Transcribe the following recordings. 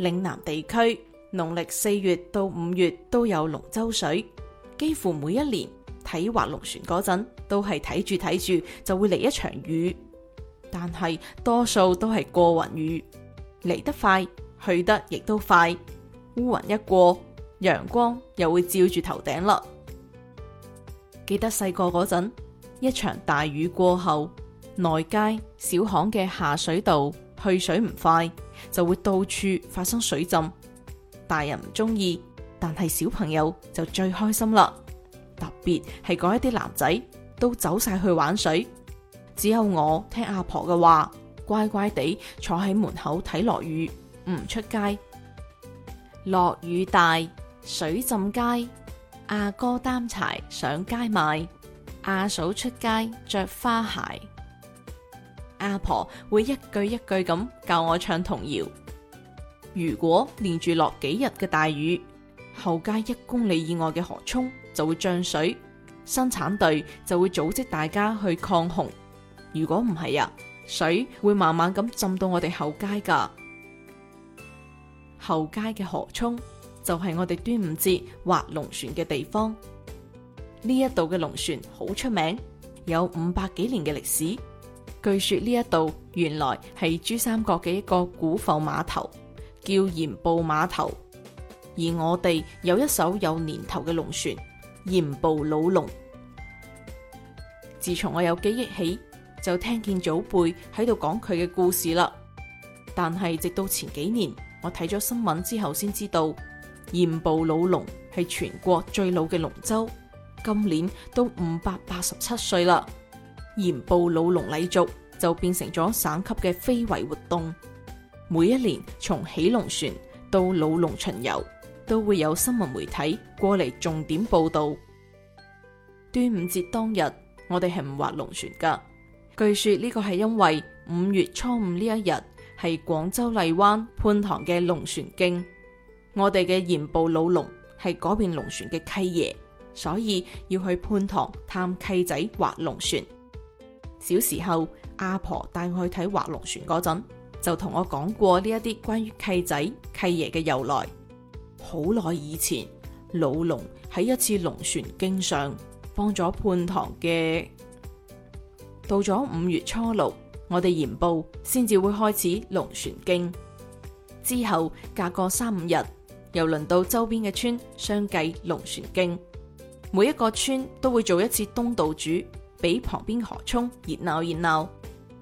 嶺南地區農曆四月到五月都有龍舟水，幾乎每一年睇划龍船嗰陣，都係睇住睇住就會嚟一場雨，但係多數都係過雲雨，嚟得快，去得亦都快，烏雲一過，陽光又會照住頭頂啦。記得細個嗰陣，一場大雨過後，內街小巷嘅下水道。去水唔快，就會到處發生水浸。大人唔中意，但係小朋友就最開心啦。特別係嗰一啲男仔，都走晒去玩水。只有我聽阿婆嘅話，乖乖地坐喺門口睇落雨，唔出街。落雨大，水浸街。阿哥擔柴上街賣，阿嫂出街着花鞋。阿婆會一句一句咁教我唱童謠。如果連住落幾日嘅大雨，後街一公里以外嘅河涌就會漲水，生產隊就會組織大家去抗洪。如果唔係啊，水會慢慢咁浸到我哋後街噶。後街嘅河涌就係我哋端午節划龍船嘅地方。呢一度嘅龍船好出名，有五百幾年嘅歷史。據說呢一度原來係珠三角嘅一個古埠碼頭，叫鹽步碼頭。而我哋有一艘有年頭嘅龍船，鹽步老龍。自從我有記憶起，就聽見祖輩喺度講佢嘅故事啦。但係直到前幾年，我睇咗新聞之後，先知道鹽步老龍係全國最老嘅龍舟，今年都五百八十七歲啦。鹽步老龍禮俗就變成咗省級嘅非遺活動。每一年從起龍船到老龍巡遊，都會有新聞媒體過嚟重點報道。端午節當日，我哋係唔划龍船噶。據說呢個係因為五月初五呢一日係廣州荔灣泮塘嘅龍船景，我哋嘅鹽步老龍係嗰邊龍船嘅契爺，所以要去泮塘探契仔划龍船。小時候阿婆帶我去睇划龍船嗰陣，就同我講過呢一啲關於契仔契爺嘅由來。好耐以前，老龍喺一次龍船經上放咗泮塘嘅。到咗五月初六，我哋鹽步先至會開始龍船經。之後隔個三五日，又輪到周邊嘅村相繼龍船經。每一個村都會做一次東道主。畀旁邊河涌熱鬧熱鬧，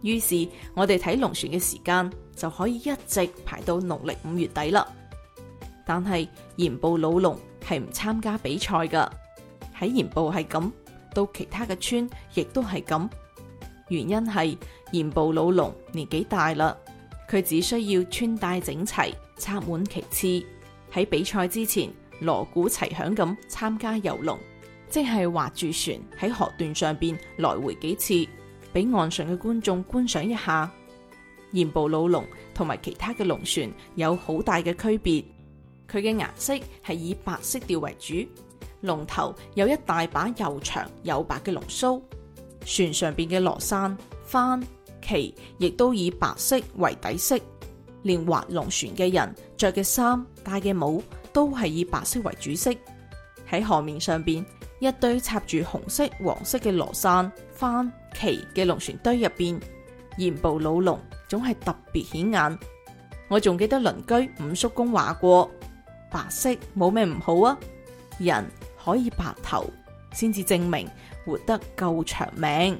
於是我哋睇龍船嘅時間就可以一直排到農曆五月底啦。但係鹽步老龍係唔參加比賽噶，喺鹽步係咁，到其他嘅村亦都係咁。原因係鹽步老龍年紀大啦，佢只需要穿戴整齊，插滿其刺，喺比賽之前鑼鼓齊響咁參加遊龍。即係劃住船喺河段上邊來回幾次，俾岸上嘅觀眾觀賞一下。鹽步老龍同埋其他嘅龍船有好大嘅區別，佢嘅顏色係以白色調為主，龍頭有一大把又長又白嘅龍鬚，船上邊嘅羅山、帆、旗亦都以白色為底色，連劃龍船嘅人着嘅衫、戴嘅帽都係以白色為主色。喺河面上邊一堆插住紅色、黃色嘅羅傘、帆旗嘅龍船堆入邊，鹽步老龍總係特別顯眼。我仲記得鄰居五叔公話過：白色冇咩唔好啊，人可以白頭，先至證明活得夠長命。